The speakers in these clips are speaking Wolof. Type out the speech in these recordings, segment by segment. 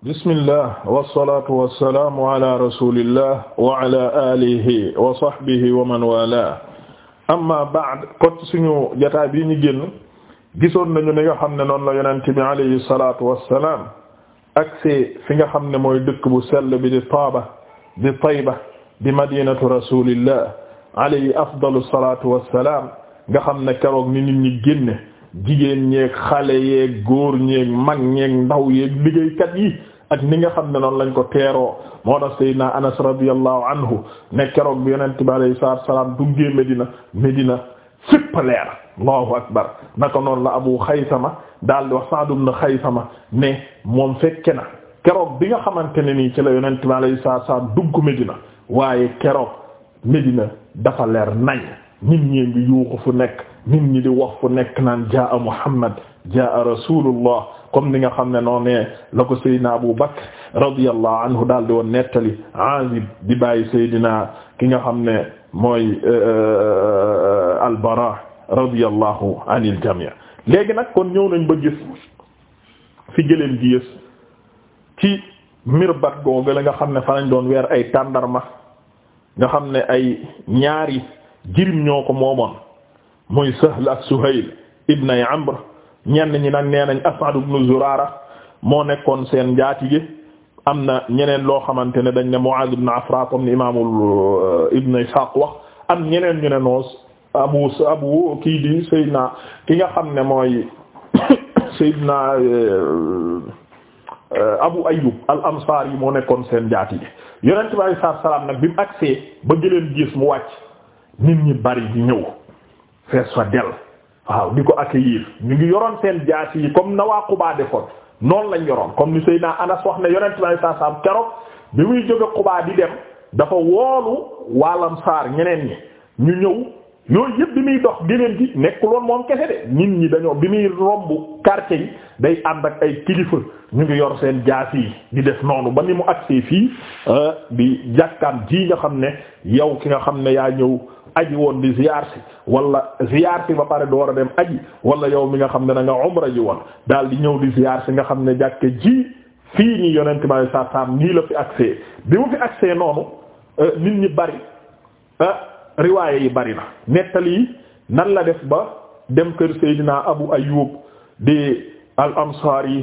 bismillah wasalaatu wasalaamu ala rasulillah wa ala alihi wa sahbihi wa man wala amma ba'd kot suñu jataa bii ñu génn gisoon nañu ni nga xam ne noonu la yonent bi alayhi salaatu wasalaam agsi fi nga xam ne mooy dëkk bu sell bi di Taaba di Tayba di madinatu rasulillah alayhi afdalu salaatu wasalaam nga xam ne keroog ni nit ñi génne jigéen ñeeg xale yeeg góor ñeeg mag ñeeg ndaw yeeg liggéeykat yi ak ni nga xam ne noonu lañ ko teeroo moo tax Seydina Anas radiyallahu anhu ne keroog bi yonent bi alayhi salaatu salaam duggee Medina Medina fépp leer allahu akbar naka noonu la Abu ma daal di wax na ibn ma ne moom fekke na keroog bi nga xamante ne nii ci la yonent bi alayhi salaatu salaam dugg Medina waaye keroog Medina dafa leer nañ nit ñee ngi yuuxu fu nekk. nit ñi di wax fu nekk naan jaa a Muhammad jaa a rasulullah comme ni nga xam ne noo ne la ko Seydina Abu Bakr radiyallahu anhu daal di woon nettali Aazib di bàyyi Seydina ki nga xam ne mooy euh, euh, al-Bara radiyallahu anil jami' léegi nag kon ñëw nañ ba gis fi gëléem gi yës ci mirbat googu la nga xam ne fa lañ doon weer ay tàndarma nga xam ne ay ñaari jirim ñoo ko moomoon muy Sahl ak Suhayl ibn Amr ñenn ñi nag nee nañ As'ad ibn Zurara moo nekkoon seen njaatige am na ñeneen loo xamante ne dañ ne Mu'adh ibn Afra comme ni imaamul euh, Ibn Ishaq wax am ñeneen ñu ne noos abu abu kii di Seydina ki nga xam ne mooy Seydina euh, euh, Abu Ayyub al-Ansari moo nekkoon seen njaatige yonent bi sallallahu alayhi nag bi mu agsee ba gëleen gis mu wàcc nit ñi bari ñëw fees fa del waaw di ko accueillir ñu ngi yoroon seen jaasi yi comme na waa Quba defoon noonu lañ yoroon comme ni Seydina Anas wax ne yonent bi saa saam keroog bi muy jóge Quba di dem dafa woolu waalam saar ñeneen ñi ñu ñëw yooyu yëpp bi muy dox géneen gi nekkul moom kese de nit ñi dañoo bi muy romb quartier yi day ànd ak ay kilifa ñu ngi yor seen jaas yi di def noonu ba ni mu agsee fii euh, di jàkkaam ji nga xam ne yow ki nga xam ne yaa ñëw aji woon di ziyaar si wala ziyaar si ba pare du war a dem aji wala yow mi nga xam ne da nga umra ji woon daal di ñëw di ziyaar si nga xam ne jàkke ji fii ñu yonente ma sa sam nii la fi agsee bi mu fi agsee noonu euh, nit ñi bari euh, riwaaye yi bari na nettali nan la def ba dem kër Seydina Abu Ayyub di al ansari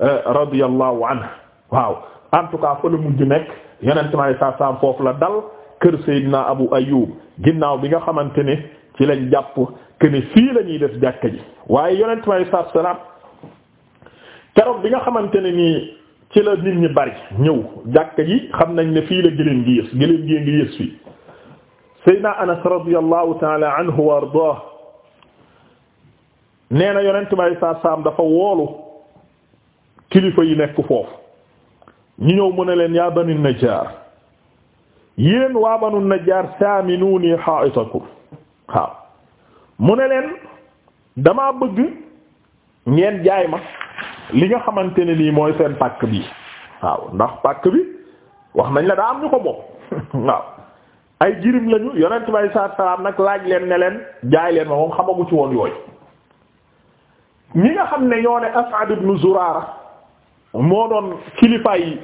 eh, radiyallahu anhu waaw en tout cas fa la mujj nekk yonente ma saa saam foofu la dal kër Seydina Abu Ayyub ginnaaw bi nga xamante ne ci lañ jàpp que ne fii lañuy def jàkka ji waaye yonente ma saa salaam keroog bi nga xamante ne nii ci la nit ñi bari ñëw jàkka ji xam nañ ne fii la gëléem gi yës gëléem gi ngi yës fii Seydina Anas radiyallahu taala anhu wa ardaah nee na yonent may saa saam dafa woolu kilifa yi nekk foofu ñu ñëw mu ne leen yaa bani najjaar yéen waa banu najjaar saaminuuni haa'itakum waaw mu ne leen damaa bëgg ngeen jaay ma li nga xamante ne nii mooy seen pàkk bi waaw ndax pàkk bi wax nañ la daa am ñu ko moom waaw ay jirim lañu yonent bi saa salaam nag laaj leen ne leen jaay leen ma moom xamagu ci woon yooyu ñi nga xam ne ñoo ne As'ad ibn moo doon kilifa yi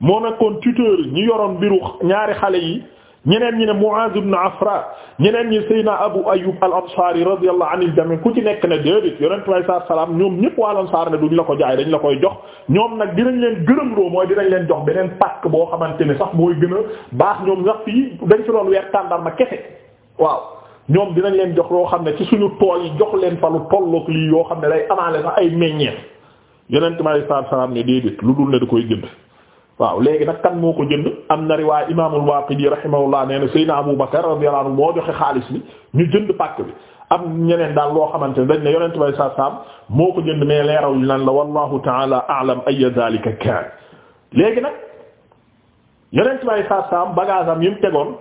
moo nekkoon tuteur ñu yoroon mbiru ñaari xale yi ñeneen ñi ne Muaz ibn Afra ñeneen ñi Seydina Abu Ayyub al-Ansari radiyallahu anil jami ku ci nekk ne déedéet yonent way saa salaam ñoom ñëpp waa Ansaar ne duñ la ko jaay dañ la koy jox ñoom nag dinañ leen gërëm loo mooy dinañ leen jox beneen pàcc boo xamante ne sax mooy gën baax ñoom sax fii dañ ci doon weer tàndarma kese waaw ñoom dinañ leen jox loo xam ne ci suñu tool yi jox leen fa lu tollook lii yoo xam ne lay amaale sax ay meññeef yonent way saa salaam ne déedéet lu dul koy jënd waaw léegi nag kan moo ko jënd am na riwaay imaamul Waaqidi rahimahullah nee na Seydina Abu Bakar radiyallahu anhu moo joxe xaalis bi ñu jënd pàkk bi am ñeneen daal loo xamante ne dañ ne yonent bay saa saam moo ko jënd mais leeraw ñu nan la wallahu ta'ala a'lam ay zalika kaan léegi nag yonent bay saa saam bagage am yi mu tegoon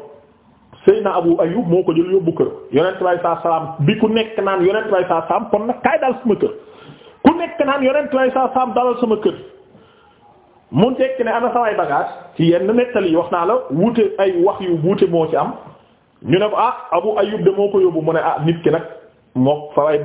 na Abu Ayyub moo ko jël yóbbu kër yonent bay saa saam bi ku nekk naan yonent bay saa saam kon nag kaay daal sama kër ku nekk naan yonent mu nekk ne ana samay bagage ci yenn nettali yi wax naa la wuute ay wax yu wuute moo ci am ñu ne ko ah Abu Ayyub de moo ko yóbbu mu ne ah nit ki nag moo fa lay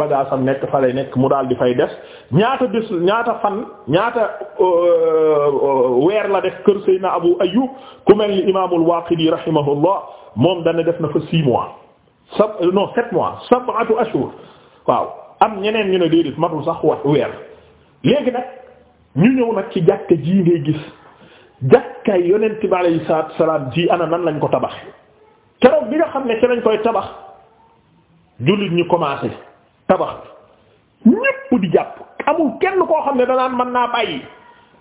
nekk fa lay nekk mu daal di fay des ñaata bés ñaata fan ñaata euh, euh, weer la def kër Seydina Abu Ayyub ku mel ni imaamul Waaqidi rahimahullah moom dana def na fa six mois sab euh, non sept mois sab'atu ashhur waaw am ñeneen ñu ne déedéet matul sax weer léegi nag. ñu ñëw nag ci jàkka ji ngay gis jàkkaay yonent bi alayhi salaatu salaam ji ana nan lañ ko tabax keroog bi nga xam ne ci koy tabax jullit ñu commencé tabax ñépp di jàpp amul kenn koo xam ne danaan mën naa bàyyi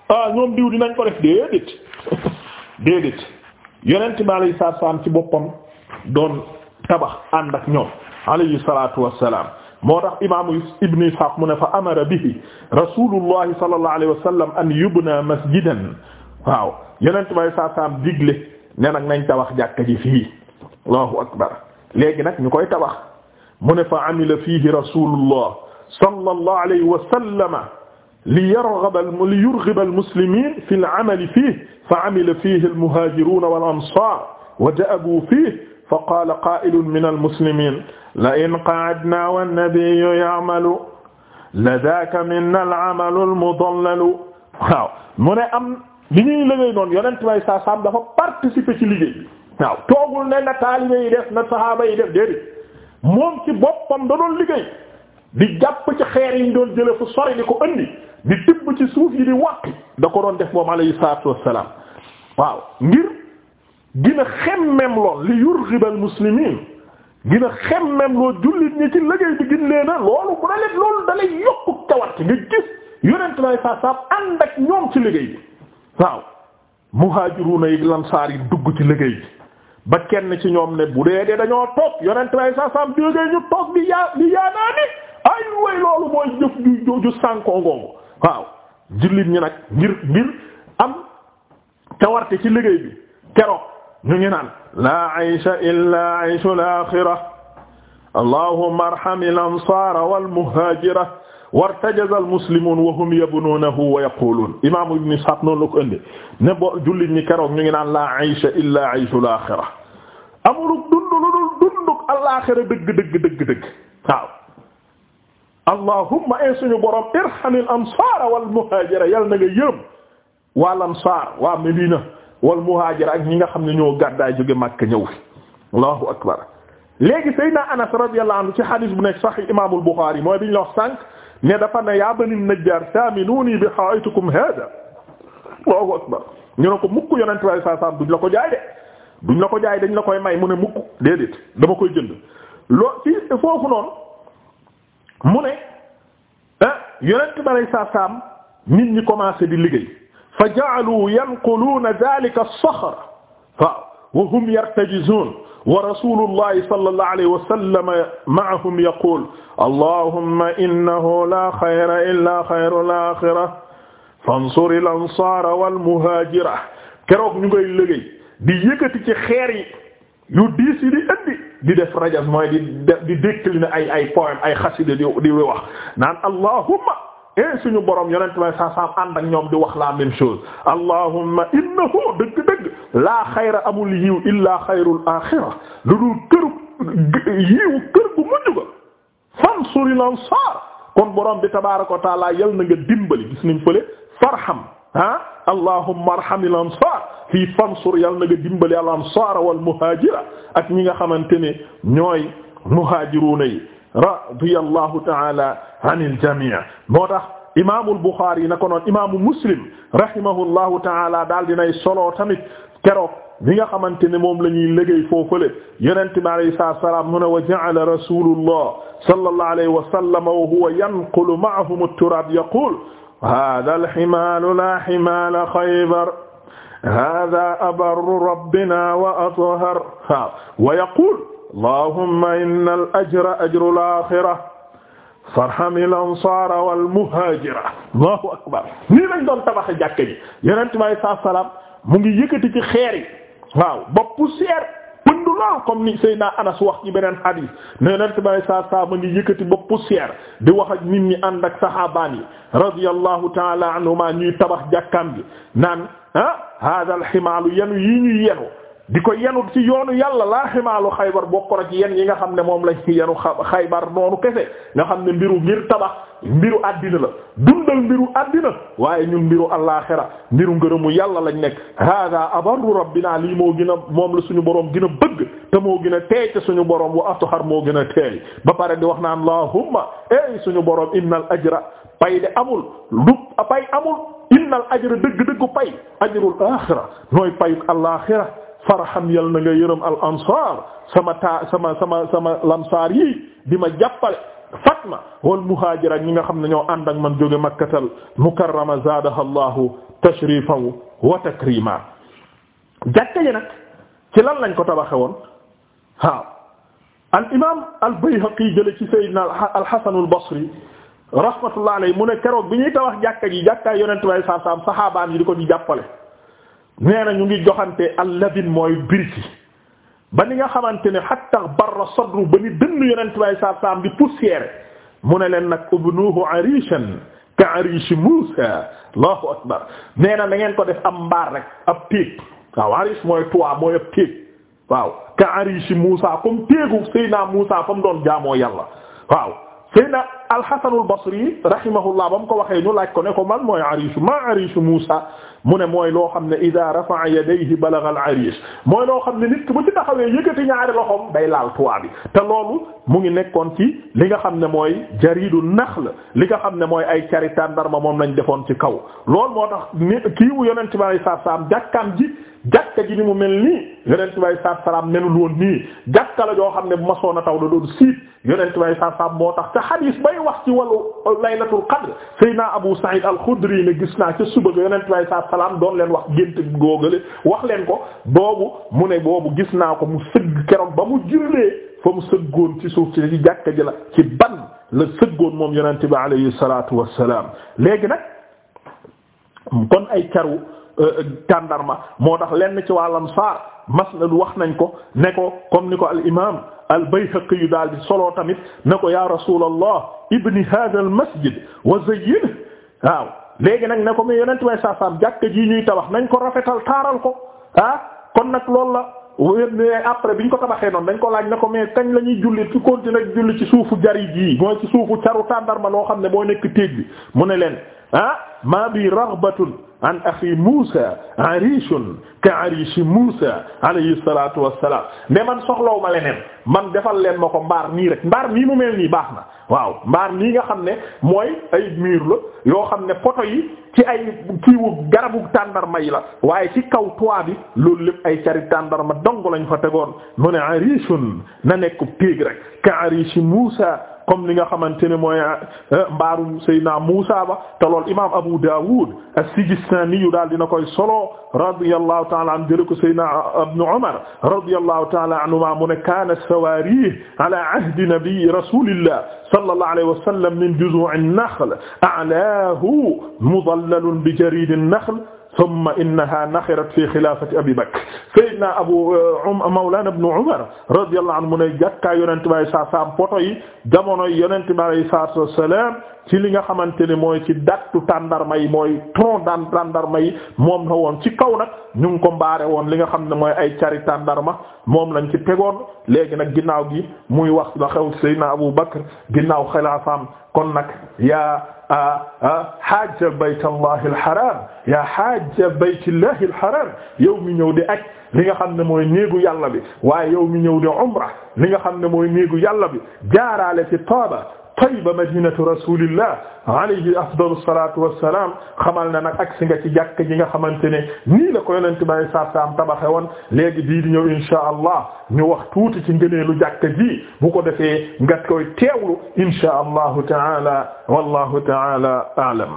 ah ñoom diw dinañ ko def déedéet déedéet yonent bi alayhi salaatu salaam ci boppam doon tabax ànd ak ñoom alayhi salaatu wassalaam moo tax imaamu ibnu Ishaq mu ne fa amara bihi rasulullahi sallallahu alayhi wa sallam an yubna masjidan waaw yenent bay saa saam digle ne nag nañ tabax jàkka ji fii allahu akbar léegi nag ñu koy tabax mu ne fa amila fiihi rasulullah sallallahu alayhi wa sallama li yarghaba li yurghiba almuslimin fi al amali fiihi fa amila fiihi almuhajirun wal ansar wa da'abu fiihi fa qaala qaa'ilun min almuslimiin la in qa'adnaa wannabiyyu ya'malu la daaka minna al'amalu almudallalu waaw mu ne am li ñuy liggéey noonu yonent way saa saam dafa participer ci liggéey bi waaw toogul ne na taalibe yi def na saxaaba yi def déedéet moom ci boppam da doon liggéey di jàpp ci xeer yi ñu doon jële fu sori di ko indi di tibb ci suuf yi di wàq da ko doon def moom alayhi salaatu wassalaam waaw ngir gina xemmem lool li yurghibal muslimin gina xemmem loo jullit ñi ci liggéey bi gin lee na loolu bu dalet loolu dalay yokku cawarte nga gis yonent nay saasaam ànd ak ñoom ci liggéey bi waaw muhajiruna yi lansaar yi dugg ci liggéey bi ba kenn ci ñoom ne bu dee dee dañoo toog yonent nay saasaam déggee ñu toog di yaa di yaanaa ni ay way loolu mooy jëf ju ju sànkoo ngoongu waaw jullit ñi nag ngir ngir am cawarte ci liggéey bi keroog ñu ngi naan laa aysha illaa ayshul aaxira allahumma arham al ansaara wal muhaajira wartajaza al muslimuun wa hum yabnuunahu wa yaquuluun imaam ibn Isxaaq noonu la ko ëndee ne bo jullit ñi keroog ñu ngi naan laa aysha illaa ayshul aaxira amulug dundu lu dul dundug alaaxira dëgg dëgg dëgg dëgg waaw allahumma ay suñu borom irhamil ansaara wal muhaajira yal na nga yërëm waa lansaar waa Medina wal muhaajir ak ñi nga xam ne ñoo gàddaay jóge Makka ñëw fi allahu akbar léegi Seydina Anas radiyallahu anhu ci hadis bu nekk sahih imaamul Buxaari mooy bi ñu la wax sànq ne dafa ne yaa bani najjaar saaminuuni bi haa'itikum haada allahu akbar ñu ne ko mukk yonent bi saa saa duñ la ko jaay de duñ ko jaay dañ koy may mu ne mukk déedéet dama koy jënd loo mu ne ah nit ñi commencé di liggéey. fa ja'aluu yanquluuna daalika as-saxr wa hum yartajizuun wa rasuulullaahi sallallaahu alayhi wa sallam ma'ahum yaquul allaahumma innahu laa xayra illaa xayrul aaxira fansuril ansaara wal muhaajira keroog ñu ngay liggéey di yëkkati ci xeer yi yu diis yi di indi di def rajas mooy di di décliner ay ay poème ay xasida di di wax naan allahumma eh suñu boroom yonent may sa sam ànd ak ñoom di wax la même chose allahumma innahu dëgg-dëgg laa xayra amul yiw illaa xayrul axira lu dul këru yiw kër bu mujj ga fansuril ansar kon borom bi tabaaraka wa taala yal na nga dimbali gis nañ fële farham ah allahumma arhamil ansar fii fansur yal na nga dimbali al ansar wal muhajira ak ñi nga xamante ne ñooy muhajiruna yi radiyallahu ta'ala anil jami' moo tax imaamul Buxaari na ko noon imaamu Muslim rahimahullahu ta'ala daal dinay solo tamit keroog mi nga xamante ne moom la ñuy liggéey foofale yonent bi alayhi salaatu wa salaam mu ne wa ja'ala rasulullah sallallahu alayhi wa sallam wa huwa yanqulu ma'ahum at-turaab yaqul hada alximalu la ximala xaybar hada abarru rabbina wa athhar wa yaqul allahumma inna al ajra ajru al axira farham al ansar wal muhajira allahu akbar nii lañ doon tabax jàkke ji yenent bi alei saatu salaam mu ngi yëkkati ci xeer yi waaw ba poussière pëndulaa comme ni Seydina Anas wax ci beneen hadis ne yenent bi alei saatu salaam mu ngi yëkkati ba poussière di wax ak nit ñi ànd ak sahaabaan yi radiyallahu taala anhuma ñuy tabax jàkkaam bi naan ah hada al himaalu yenu yi ñuy yenu di ko yenu ci yoonu yàlla laa ximaalu xaybar bokk na ci yen yi nga xam ne moom lañ yenu xaybar noonu kese nga xam ne mbiru ngir tabax mbiru àddina la dundal mbiru àddina waaye ñun mbiru allaaxira mbiru ngërëmu yàlla lañ nekk hada abaru rabbina lii moo gën moom la suñu boroom gën a bëgg te moo gën a teey te suñu boroom wa atuxar moo gën a teey ba pare di wax na allahumma ey suñu boroom innal ajra pay de amul du pay amul innal ajra dëgg dëggu pay ajrul farham yal na nga yërëm al ansar sama taa sama sama sama lamsaar yi di ma jàppale fatma wal muhaajira ñi nga xam ne ñoo ànd man jóge makkatal mukarrama zaadaha allahu tashrifan wa takrima jàkka ji nag ci lan lañ ko tabaxe woon waaw al imam al bayhaqi jële ci sayyidina al hasan al basri rahmatullah alayhi mu ne keroog bi ñuy tabax jàkka ji jàkkaay yonent way saam saxaabaan yi di ko ñu jàppale nee na ñu ngi joxante allabin mooy biriki ba ni nga xamante ne hatta barra sadru ba ni dënn yonent bay saa saam di poussière mu ne leen nag ubnuhu arishan ka arishi Musa allahu akbar nee na da ngeen ko def am mbaar rek ab téeg waaw arish mooy toit mooy ab téeg waaw ka arishi Musa comme téegu Seydina Musa fa mu doon jaamoo yàlla waaw Seydina Alxasanul Basri rahimahullah ba mu ko waxee ñu laaj ko ne ko man mooy ariisu maa ariisu Muusa mu ne mooy loo xam ne idaa rafa'a yadayhi balagha al-ariis mooy loo xam ne nit ki bu ci taxawee yëkkati ñaari loxoom day laal toit bi te loolu mu ngi nekkoon ci li nga xam ne mooy jariidu naxl li nga xam ne mooy ay cari tàndarma moom lañ defoon ci kaw loolu moo tax ni kii wu Yonent bi sallallahu alayhi wasallam jàkkaam ji jàkka ji ni mu mel nii. yonent bay saat salaam melul woon nii jàkka la joo xam ne bu ma soon a taw da doon siit yonent bay saat salaam moo tax ca xadiis bay wax ci wàllu laylatul qadr sayna Abu Sa'id al-Khudri ne gis naa ca suba ga yonent bay saat salaam doon leen wax gént góogale wax leen ko boobu mu ne boobu gis naa ko mu sëgg keroog ba mu jullee fa mu sëggoon ci suuf ci jàkka ji la ci ban la sëggoon moom yonent bi alayhi salaatu wassalaam léegi nag kon ay caru euh, tàndarma moo tax lenn ci wàllam saar masnad wax nañ ko ne ko comme ni ko al imam al bayhaqi yu daal di solo tamit ne ko ya rasulallah ibni hadha al masjid wa zayyinhu waaw léegi nag ne ko mais yonent way saasaam jàkka ji ñuy tabax nañ ko rafetal taaral ko ah kon nag loolu la après biñ ko tabaxee noonu dañ ko laaj ne ko mais kañ lañuy ñuy julli ci continuer julli ci suufu jari ji mooy ci suufu caru tàndarma loo xam ne boo nekk téeg bi mu ne leen ah maa bi raghbatun an axi Muusa ariishun ka ariishi Muusa alayhi salaatu wassalaam mais man soxlaw ma leneen man defal leen ma ko mbaar nii rek mbaar nii mu mel nii baax na waaw mbaar nii nga xam ne mooy ay miir la yoo xam ne poto yi ci ay kiiwu garabu tàndarma yi la waaye ci kaw toit bi loolu lépp ay cari tàndarma dong lañ fa tegoon mu ne ariishun na nekk téeg rek ka Muusa comme li nga xamante ne mooy eh, mbaarum Seydina Muusa ba te lool imaam Abu Dawud as-Sijistani yu daal dina koy solo radiyallahu ta'ala anhu jële ko Seydina Ibn Umar radiyallahu ta'ala anhuma mu ne kaana as-sawaarih ala ahdi nabi rasulillah sallallahu alayhi wa sallam min juzu'i an-nakhl a'laahu mudallalun bi jariid an-nakhl thumma innaha naxirat fi xilaafati abi bakr sayyidina abu uh, um, mawlana ibn umar radiyallahu anhu mu ne jàkkaay yonent bi alayhi salaatu salaam poto yi jamono yonent bi alayhi salaatu salaam ci li nga xamante ne mooy ci dattu tàndarma yi mooy tronc daan tàndarma yi moom la woon ci kaw nag ñu ngi ko mbaare woon li nga xam ne mooy ay cari tàndarma moom lañ ci tegoon léegi nag ginnaaw gi muy wax la xew sayyidina abu bakr ginnaaw xilaafaam kon nag yaa Ah, ah, hajja baytallahi alharam yaa hajja baytillahi alharam yow mi ñëw di aj li nga xam ne mooy néegu yàlla bi waaye yow mi ñëw di umra li nga xam ne mooy néegu yàlla bi jaaraale ci Taaba Tayba madinatu rasulillah alayhi afdalu salatu wassalam xamal na nag ak si nga ci jàkk ji nga xamante ne nii la ko yonente bay saam tabaxe woon léegi bii di ñëw inshaa allah ñu wax tuuti ci ngëneelu jàkk ji bu ko defee nga koy teewlu inshaa allahu taala wallahu taala aalam